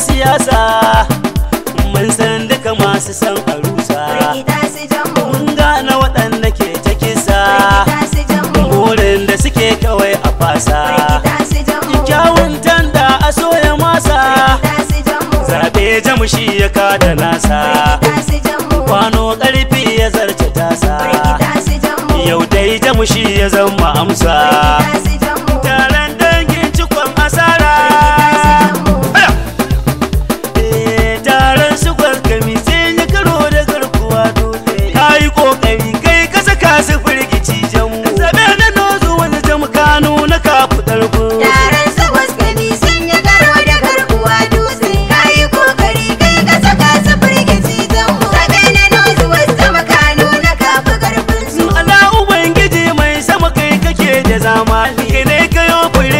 siyasa mun san duka masu san arusa mun gane waɗanda ke ta kisa burin da suke kawai a fasa kyawun tanda a soya masa zaɓe jamushi ya kada nasa kwano ƙarfi ya zarce tasa yau dai jamushi ya zama amsa puede